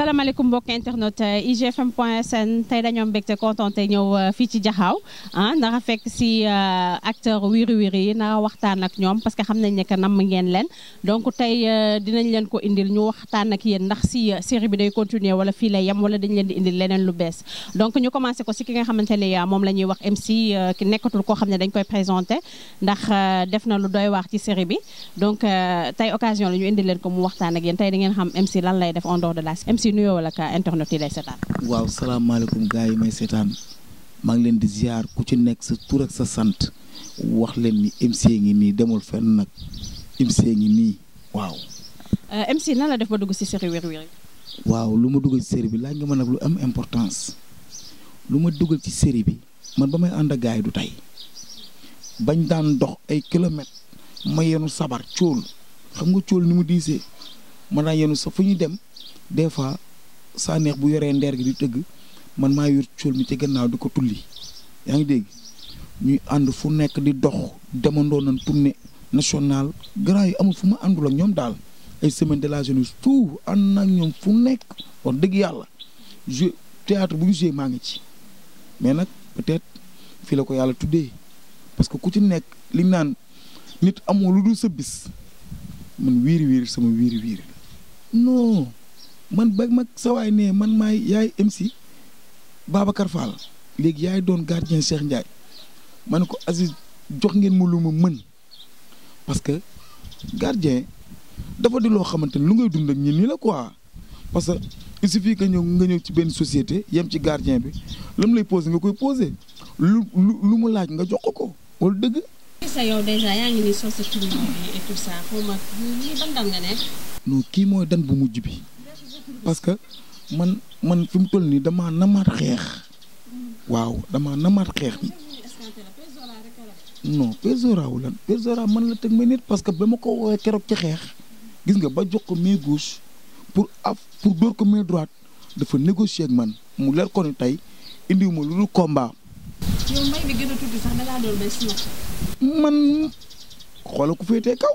salaamaaleykum mbokk internet euh, igfm point sn tey dañoo mbégte kontaan tey ñëw euh, fii ci Jaxaaw ah nara fekk si euh, acteur wiri wiri yi nara waxtaan ak ñoom parce que xam nañ ne que namm ngeen leen donc tey dinañ leen ko indil ñu waxtaan ak yéen ndax si série bi day continuer wala fii lay yam wala dañ leen di indil leneen lu bees donc ñu commencé ko si ki nga xamante ne moom la ñuy wax MC ki nekkatul koo xam ne dañ koy présenté ndax def na lu dooy waax ci série bi donc tey occasion la ñu indil ak yéen tey da ngeen xam MC lan lay def en dehors de la MC ci nuyoo wala ka internet yi lay waaw salaamaaleykum gars yi may seetaan maa ngi leen di ziar ku ci nekk sa tur sa sant wax leen mi MC ngi nii demul fenn nag MC ngi nii waaw. Euh, MC nan la def ba dugg ci série Wiri waaw lu ma dugg ci série bi laaj nga ma nag lu am importance lu ma dugal ci série bi man ba may ànd ak gars du tey bañ daan dox ay kilomètres ma yenu sabar cóol xam nga cóol ni mu diisee ma daan yenu sa fu ñu dem. des fois saa neex bu yore ndeer gi di tëgg man maa yor cóol mi ci gannaaw di ko tulli yaa ngi dégg ñuy ànd fu nekk di dox demandoo nañ tournée nationale grand yi amul fu ma àndul ak ñoom daal ay semaine de la jeunesse tout ànd na ak ñoom fu nekk wax dëgg yàlla je théâtre bu ñu maa ngi ci mais nag peut-être fii la ko yàlla tuddee parce que ku ci nekk li naan nit amoo lu dul sa bis man wiiri wiiri sama wiiri wiiri non. man ba mag sawaay ne man maay yaay MC Babacar Fall léegi yaay doon gardien Cheikh Ndiaye ma ne ko Aziz jox ngeen mu lu ma mën parce que gardien dafa di loo xamante ni lu ngay dund ak ñi nii la quoi parce que il suffit que ñëw nga ñëw ci benn société yem ci gardien bi lam lay posé nga koy posé lu lu lu mu laaj nga jox ko ko wala dëgg. sa sa tournoi kii mooy dan bu mujj bi. parce que man man fi mu toll nii damaa namaat xeex waaw damaa namaat xeex bi non Pezora wu lan Pezora man la teg ma nit parce que ba ma ko woowee keroog ci xeex gis nga ba jox ko main pour af pour dóor ko main droite dafa négocier ak man mu leer ko tey indiw ma lu dul combat. yow man xoola ku féetee kaw.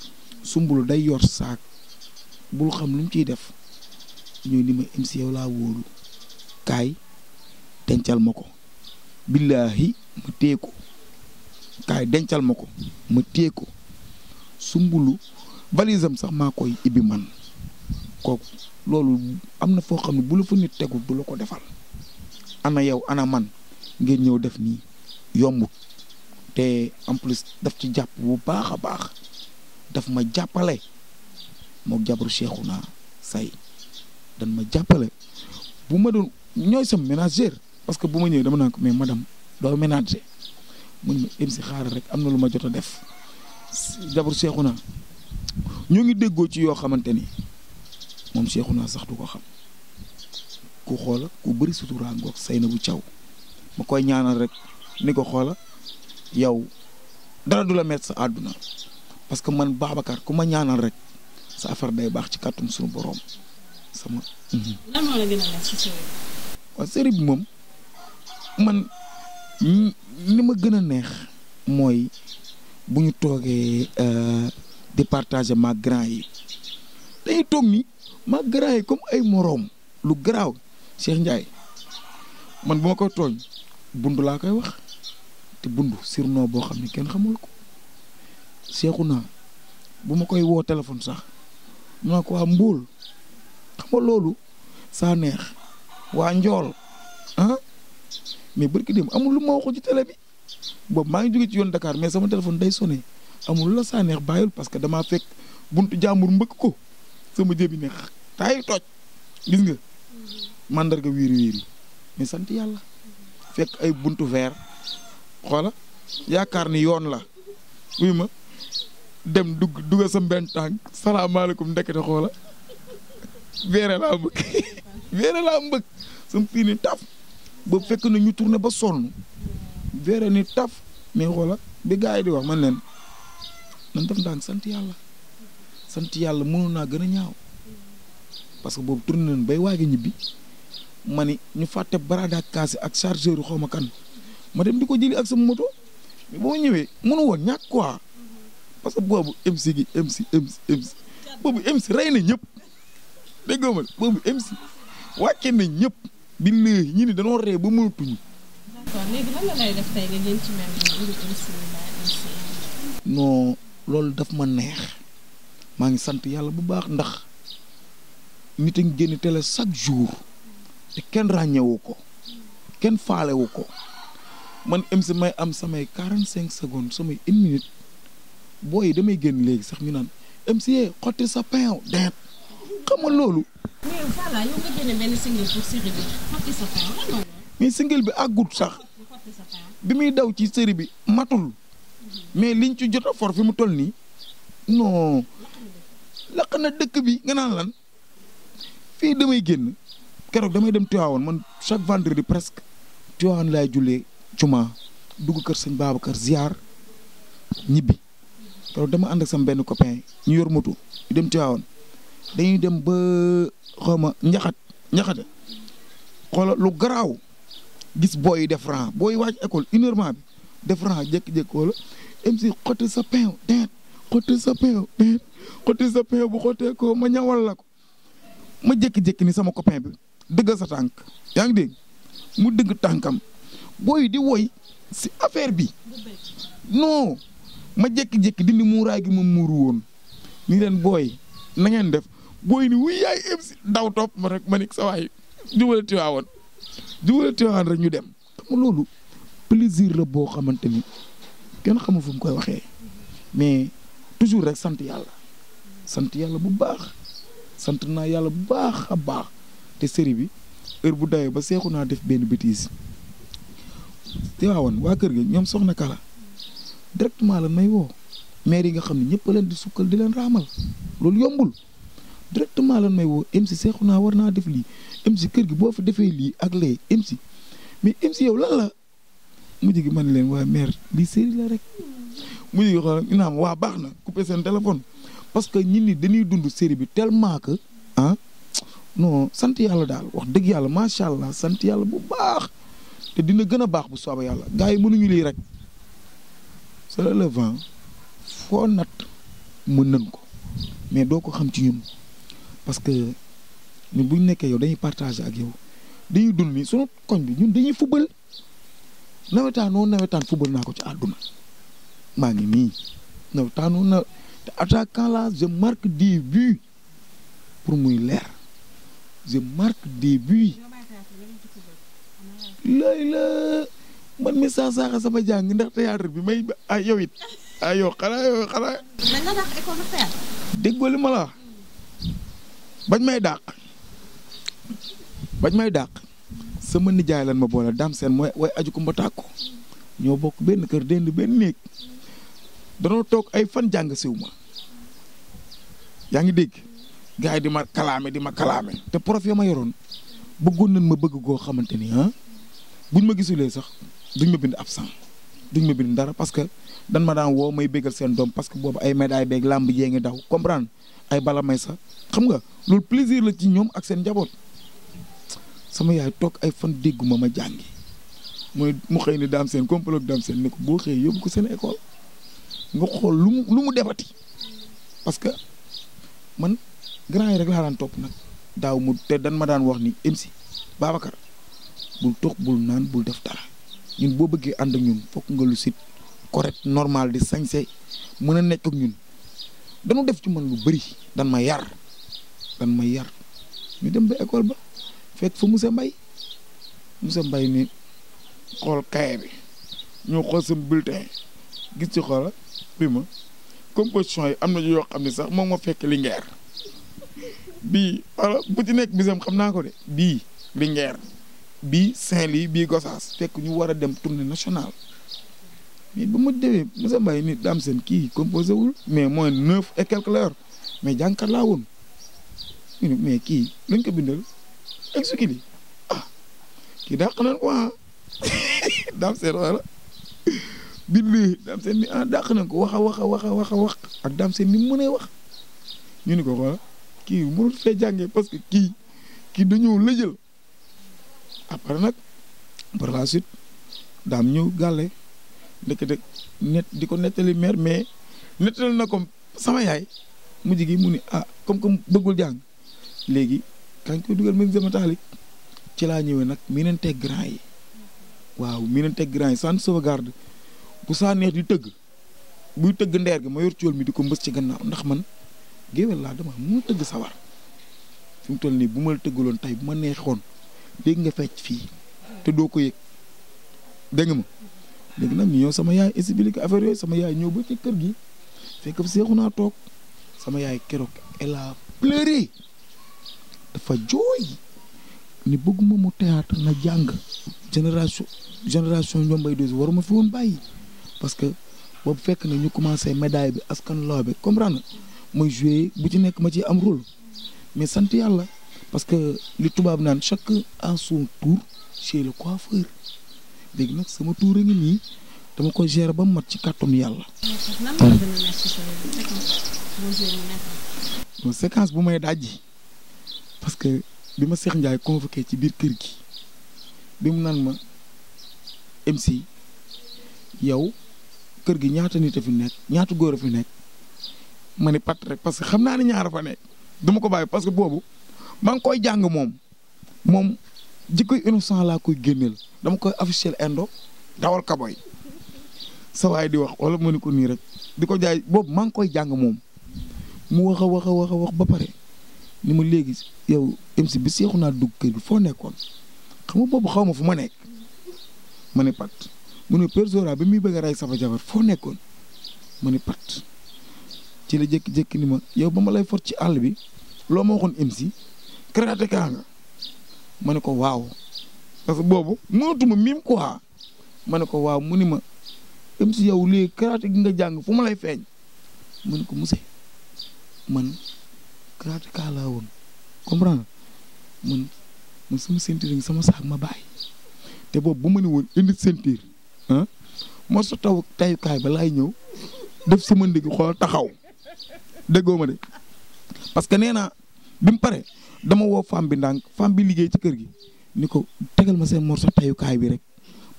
sumbulu day yor saak bul xam lu ciy def ñëw ni ma MC yow laa wóolu kaay dencal ma ko billaahi ma téye ko kaay dencal ma ko ma téye ko sumbulu valisam sax maa koy ibbi man kooku loolu am na foo xam ne bu la fa nit tegu du la ko defal ana yow ana man ngeen ñëw def nii yombut te en plus daf ci jàpp bu baax a baax daf ma jàppale mook jabaru naa Say dan ma jàppale bu ma doon ñooy sam ménagère parce que bu ma ñëwee dama naa ko mais madame doo ménager mu ne ma si xaaral rek am na lu ma jot a def jabaru Cheikhouna ñoo ngi déggoo ci yoo xamante ni moom Cheikhouna sax du ko xam ku xoola ku bëri sutura ngoog say na bu caw ma koy ñaanal rek ni ko xoola yow dara du met sa àdduna parce que man Babacar ku ma ñaanal rek sa affaire day baax ci kàttum suñu boroom sama. Mhm. bi. moom man ni ma gën a neex mooy bu ñu toogee euh, di partager ma grand yi dañuy toog ni ma grand yi comme ay moroom lu garaaw Cheikh Ndiaye man bu ma koy tooñ bund laa koy wax te bund surnom boo xam ne kenn xamul ko. seexu naa bu ma koy woo téléphone sax mu ne ko waa mbuul xam nga loolu saa neex waa njool ah mais barki dem amul lu ma waxul ci télé bi boobu maa ngi jóge ci yoon Dakar mais sama téléphone day sonné amul la saa neex bàyyul parce que damaa fekk buntu jàmbur mbëkk ko sama jébi neex taay toj gis nga mandarga wiiri wiiri mais sant yàlla fekk ay buntu vert xoola yaakaar ni yoon la uy ma dem dug sembentang sa benn salam alaykum ndekete xola wéré la mbëkk wéré la mbëkk sun fini taf bu fekk na ñu tourner ba sonu wéré ni taf mi xola bi gaay di wax man len man def ndànk sant yalla sant yalla mënu na gëna a ñaaw parce que boobu tourner nañ bay waagi ñibi mani ñu faté barada kasse ak chargeur xoma kan ma dem di jëli ak sa moto mais ba mënu won ñak quoi parce que boobu MC gi MC MC MC boobu MC rey na ñëpp dégg nga boobu MC wàcce na ñëpp bi léegi ñu ne dañoo ree ba mu d'accord loolu daf ma neex maa ngi sant yàlla bu baax ndax nit a génn télé chaque jour te kenn ràññewu ko kenn faalewu ko man MC may am samay quarante cinq secondes samay une minute. booy damay génn léegi sax mi naan MC xotti sa pain deet xam nga loolu. mais voilà bi àggut sax bi muy daw ci série bi matul mais liñ ci jot a for fi mu toll nii non laq na dëkk bi nga naan lan fii damay génn keroog damay dem Tivaouane man chaque vendredi presque Tivaouane laay jullee jumaa dugg kër sëñ kër ziar ñibbi. loolu dama and ak sam ben copain ñu yor moto dem Tivaouane dañuy dem ba xoma ñaxat ñaxat xol lu graw gis boy def rang boy wàcc école une heure maa bi def rang jékki-jékki wala MC xotti sa pain deet xotti sa pain deet xotti sa pain bu xote ko ma ñawal la ko ma jek jek ni sama copain bi deug sa tank yaa ngi mu deug tankam boy di woy si affaire bi non ma jek jékki dindi muuraay gi ma muuru won ni len boy na ngeen def boy ni wuy yaay mc si daw topp ma rek ma nekk sa waay jubale Tiwaawan jubale Tiwaawan rek ñu dem xam lolu plaisir la bo xamanteni ken kenn fu mu waxe mais toujours rek sante yalla sante yalla bu baax sante na yalla bu baax a baax te série bi heure bu dawee ba seexu def ben bêtise Tiwaawan wa kër gi ñom soxna Kala. directement la may woo maire yi nga xam ne ñëpp leen di sukkal di leen raamal loolu yombul directement lan may woo MC seexu naa war naa def lii m MC kër gi boo fa defee lii ak lee MC mais MC yow lan la mujj gi man leen waaye maire lii série la rek mujj gi xoolal ñu naan waa baax na coupé seen téléphone parce que ñit dañuy dund série bi tellement que ah non sant yàlla daal wax dëgg yàlla macha allah sant yàlla bu baax te dina gën a baax bu soobee yàlla gars yi mënuñu lii rek. se relevant foo nat mën nañ ko mais doo ko xam ci ñun parce que ñun bu nekkee yow dañuy partager ak yow dañuy dund ni sunu koñ bi ñun dañuy fubal nawetaanoo nawetaan fubal naa ko ci àdduna maa ngi nii nawetaanoo na te attaquant là je marque des pour muy leer je marque des buts man mi sa sa sama jang ndax théâtre bi may ay yow it ay yow xala yow xala man nga dàq école de théâtre. déggoo ma la bañ may dak bañ may dak sama nijaay lan ma boole dam sen moy way aju ko mba tàkko ño bok ben keur dend benn néeg tok ay fan jang siw yaangi deg gaay di ma kalamé di ma kalamé te prof ya ma yoroon bëggoon nañ ma bëgg go xamanteni ha ah buñ ma gisulé sax duñ ma bind absent duñ ma bind dara parce que dan ma daan woo may bégal seen doom parce que boobu ay médaille beeg làmb jee ngi daw comprendre ay bala may sax xam nga loolu plaisir la ci ñoom ak seen njaboot sama yaay toog ay fan dégguma ma jàngi mooy mu xëy ni daam seen complot daam seen ne ko boo xëy yóbbu ko seen école nga xool lu mu lu mu defati parce que man grand yi rek laa daan topp nag daaw mu te dan ma daan wax ni MC Babacar bul toog bul naan bul def dara ñun boo bëggee ànd ak ñun fokk nga lu sit correct normal di sañse mën a nekk ak ñun dama def ci man lu bari dan ma yar dan ma yar ñu dem ba école ba fekk fa Moussa Mbaye Moussa mbay ni xool kaye bi ñu xool sam bulletin gis ci xoola bi ma composition yi am na yoo xam ne sax moom ma fekk Linguère bii bu ci nekk bisam xam naa ko de bii Linguère bii Saint-Louis bii Gossas fekk ñu war a dem tournée nationale mais bu ma demee Moussa Mbaye nit daam seen kii composé wul mais moins neuf et quelques heures mais jànkat kii luñ ko bindal exécuté ko ah daam seen wala bind ni ah, dàq nañ ko wax a wax a wax wax a wax ak daam mënee wax ñu ni ko xoola kii mënut fee jàngee parce que kii kii dañoo lëjal après nag par la suite daam ñëw gàlle ndekete net di ko nettali mère mais nettali na ko sama yaay mujj gi mu ni ah comme comme bëggul jàng léegi kañ koy dugal mën sama ci laa ñëwee nag miinanteeg grand yi waaw miinanteeg grand yi sans sauvegarde bu saa neex di tëgg buy tëgg ndeer gi ma yor cool mi di ko mbës ci gannaaw ndax man géwél laa dama mën tëgg sawar fi mu toll nii bu ma tëgguloon tëggaloon tey bu ma neexoon dégg nga fecc fii te doo ko yëg dégg nga ma léegi nag ñu ñëw sama yaay expliqué affaire yooyu sama yaay ñëw ba ci kër gi fekk seexu naa toog sama yaay keroog elle a pleuré dafa jooy ni bëgguma mu théâtre na jàng génération génération ñoom bay dosi waruma fi woon bàyyi parce que boobu fekk na ñu commencé médaille bi askan laaw bi comprendre mooy joué bu ci nekk ma ci am rôle mais sant yàlla parce que li tubaab naan chaque à son tour chez le coiffeur léegi nag sama tour a ngi nii dama ko gérer ba mu mat ci kàttanu yàlla. donc séquence bu may dajji parce que bi ma Cheikh Ndiaye convoqué ci biir kër gi bi mu naan ma MC yow kër gi ñaata nit a fi nekk ñaata góor a fi nekk ma ne pat rek parce que xam naa ne ñaar fa nekk duma ko bàyyi parce que boobu. maa ngi koy jàng moom moom jikkoy innocent laa koy génneel dama koy officiel indo dawal kaboy sa waay di wax wala mu ne ko nii rek di ko jaay boobu maa ngi koy jàng moom mu wax a wax a a wax ba pare ni ma léegi yow MC bi seexu naa dugg kër gi foo nekkoon xam nga boobu xaw ma fu ma nekk ma ne pat mu ne persora bi muy bëgg a rey safa jabar foo nekkoon ma ni pat ci la jékki-jékki ni ma yow ba ma lay for ci àll bi loo ma waxoon MC Karaté Ka nga ma ne ko waaw parce que boobu mënatuma mim quoi ma ne ko waaw mu ni ma dem si yow lii karaté gi nga jàng fu ma lay feeñ ma ko monsieur man Karaté Ka laa woon comprendre man man sama ceinture sama saak ma bàyyi te boobu bu ma ne woon indi ceinture ah moo taw tayukaay ba laay ñëw def sama ndig xool taxaw déggoo ma de parce que nee naa bi mu pare. dama woo femme bi ndànk femme bi liggéey ci kër gi ni ko tegal ma seen morso tayukaay bi rek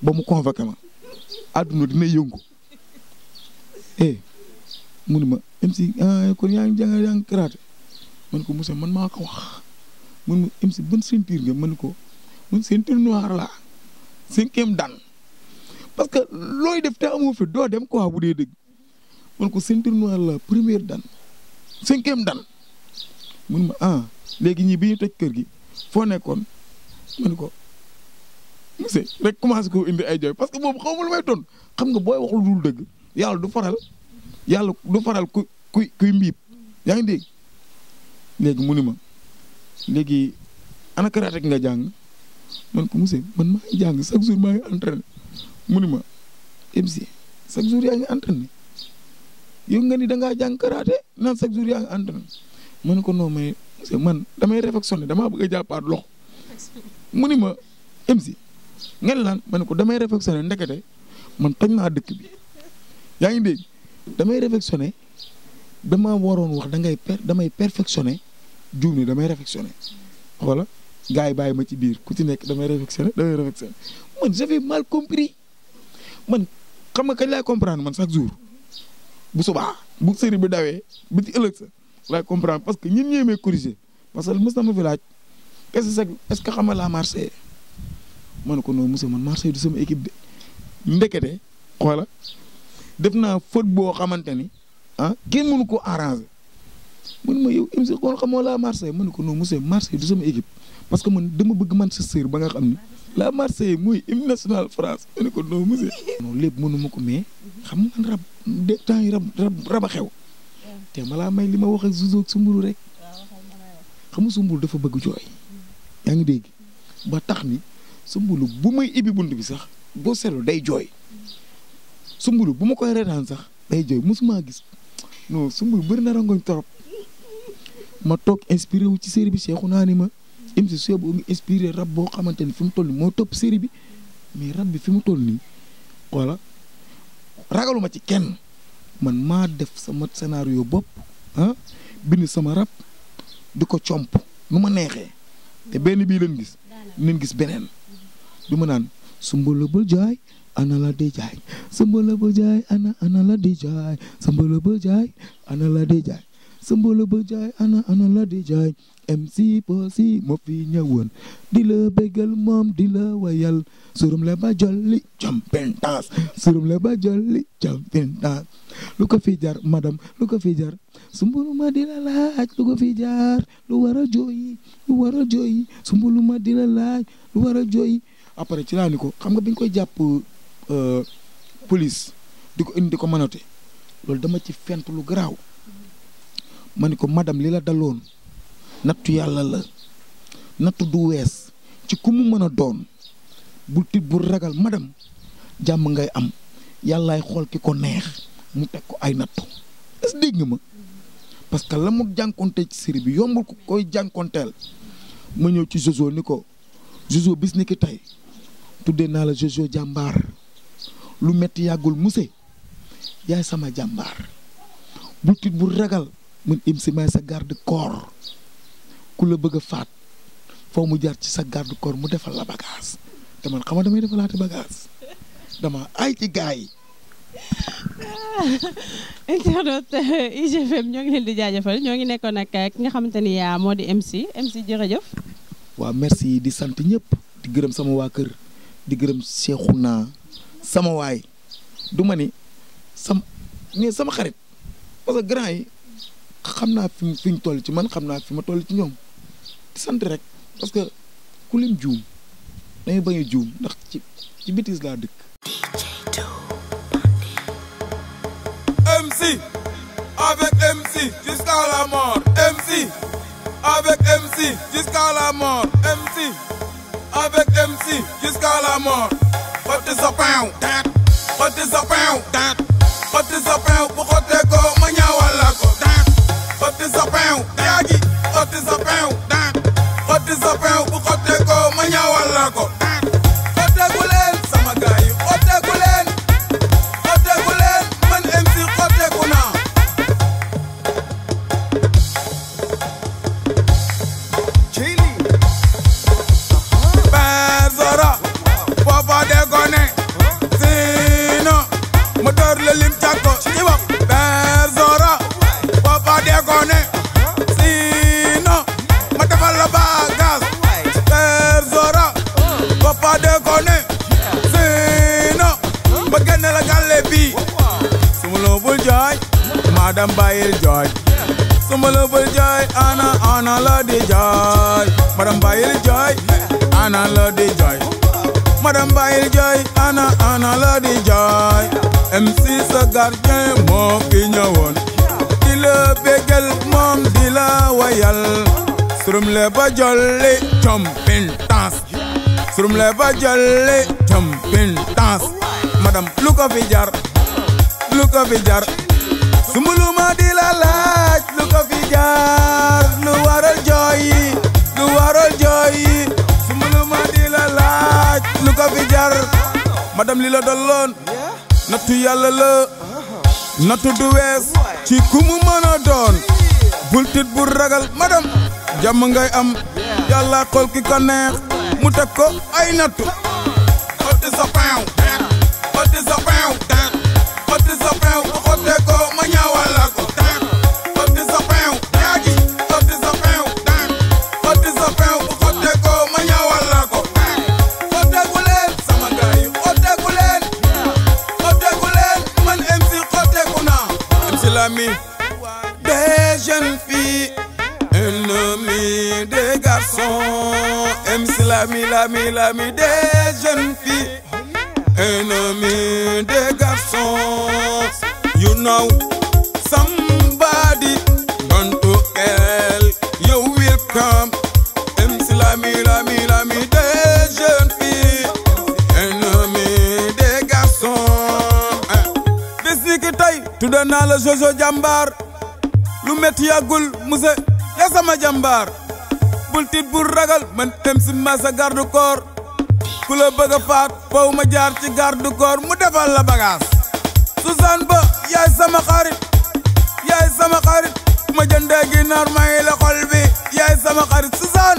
ba mu convoqué ma àdduna dina yëngu eh mu ne ma si ah kon yaa ngi yaa ngi karaate man ko monsieur man maa ko wax man ma MC ban ceinture nga man ko man ceinture noire la dan parce que looy def te amoo fi doo dem quoi bu dee dëgg man ko ceinture noire la première dan cinquième dan mun ma ah léegi ñii bi ñu toj kër gi foo nekkoon ma ne ko monsieur rek commencé ko indi ay jooy parce que moom xaw ma lu may ton xam nga booy wax lu dul dëgg yàlla du faral yàlla du faral ku kuy kuy mbiib yaa dégg léegi mu ni ma léegi ana karaté nga jàng man ko monsieur man maa jàng chaque jur maa ngi entraîné mu ni ma MC chaque jour yaa ngi entraîné yow nga ni da ngaa jàng karaté naan chaque jour yaa ngi entraîné man ne ko may mais man damay réflexionné damaa bëgg a jàppaat mu ni ma MC ngeen lan man ne ko damay réflexionné ndekete man toj naa dëkk bi yaa ngi dégg damay réflexionné dama waroon wax da damay perfectionné juum ni damay réflexionné voilà gars yi bàyyi ma ci biir ku ci nekk damay réflexionné damay réflexionné man j'avais mal compris man xam nga kañ laay comprendre man chaque jour bu subaa bu sëri bi dawee bu ci ëllëg sa Je comprendre parce que nous, sommes corrigés. corriger parce que que ça est ce que je suis Marseille Je ne ko Marseille du équipe de ndekete suis là, naa faute boo xamante ni ah Je mënu ko arranger Je ma yow Marseille ne ko non Marseille du sama équipe parce que je suis bëgg je ba nga la Marseille c'est national France Je ne ko non Je non mënu xam rab de temps te ma laa may li ma wax ak Zouzou rek xam nga Soumboulou dafa bëgg jooy yaa ngi dégg ba tax ni Soumboulou bu may ibbi bunt bi sax boo seetlu day jooy Soumboulou bu ma koy reetaan sax day jooy mosuma gis non Soumboulou bari na rangoñ torop ma toog inspiré wu ci série bi seexu naa ni ma MC Sow bu ngi inspiré rab boo xamante ni fi mu toll moo topp série bi mais rab bi fi mu toll nii voilà ragaluma ci kenn. man maa def sama scénario bopp ah bind sama rab di ko comp nu ma neexee te benn bii leen gis leen gis beneen du ma naan sumbala ba jaay ana la di jaay sumbala ba jaay ana ana la di jaay sumbala ba jaay ana la di jaay sambolo ba jaay ana ana la di jaay MC Passy moo fi ñëwoon di la bégal moom di la wayal surum le ba jolli jumping surum le ba jolli jumping lu ko fi jar madame lu ko fi jar sumbulu ma di la laaj lu ko fi jar lu a jooyi war a jooyi sumbulu ma di la laaj lu war a jooyi après ci laa ko xam nga bi ñu koy jàpp euh, police di ko indi di ko manote loolu dama ci fent lu garaaw ma ni ko madam li la daloon nattu yàlla la nattu du wees ci ku mu mën a doon bul tit bul ragal madam jàmm ngay am yàllaay xool ki ko neex mu teg ko ay nattu est dégg nga ma parce que la mu jànkonte ci série bi yombul ko koy jànkoonteel ma ñëw ci Jojo ni ko Jojo bis ni ki tey tuddee naa la Jojo jàmbaar lu metti yàggul muse yaay sama jàmbaar bul tit bul ragal mu im si may sa garde corps ku la bëgg a faat foo mu jaar ci sa garde corps mu defal la bagage te man xam nga damay defalaate bagage dama ay ci gars yi. Ah. internet IGFM ñoo ngi leen di jaajëfal ñoo ngi nekkoon nag ki nga xamante ni yaa moo di MC MC jërëjëf. waaw yi di sant ñëpp di gërëm sama waa kër di gërëm Cheikhouna sama waay du ma ni sama ne sama xarit parce grand yi xam naa fi fi ñu toll ci man xam naa fi ma toll ci ñoom di sant rek parce que ku lim juum dañuy bañ a juum ndax ci ci bêtise laa dëkk. MC avec MC jusqu'à la mort MC avec MC jusqu'à la mort MC avec MC jusqu'à la mort. xotti sa peew. xotti sa peew. xotti sa peew bu xottee the joy, Madam Bailey joy, and I love the joy. Madam Bailey joy, and I, and I love the joy. MC Sagar came up in your one. Dila Begel, Mom Dila Wayal. Srum Leva Jolly, jumping dance. Srum Leva Jolly, jumping dance. Madam, look of Vijar, look of Vijar. Sumuluma Dila Lai. jaar lu waral jooy yi lu waral jooy yi di la laaj lu ko jar madame li la dolloon nattu yàlla la nattu du wees ci ku mu mën a doon bul tit ragal madame jàmm ngay am yàlla xool ki mu teg ay nattu programme MC l'ami, l'ami, l'ami des jeunes filles un homme des garçons eh. bis ni naa la Jojo jàmbaar lu métti yàggul monsieur ya sama jàmbaar bul tiit bul ragal man MC Massa garde corps ku la faat faw ma ci garde corps mu defal la bagage Susan ba yaay sama xarit yaay sama xarit su ma jëndee ginaar may la xol bi yaay sama xarit Susan.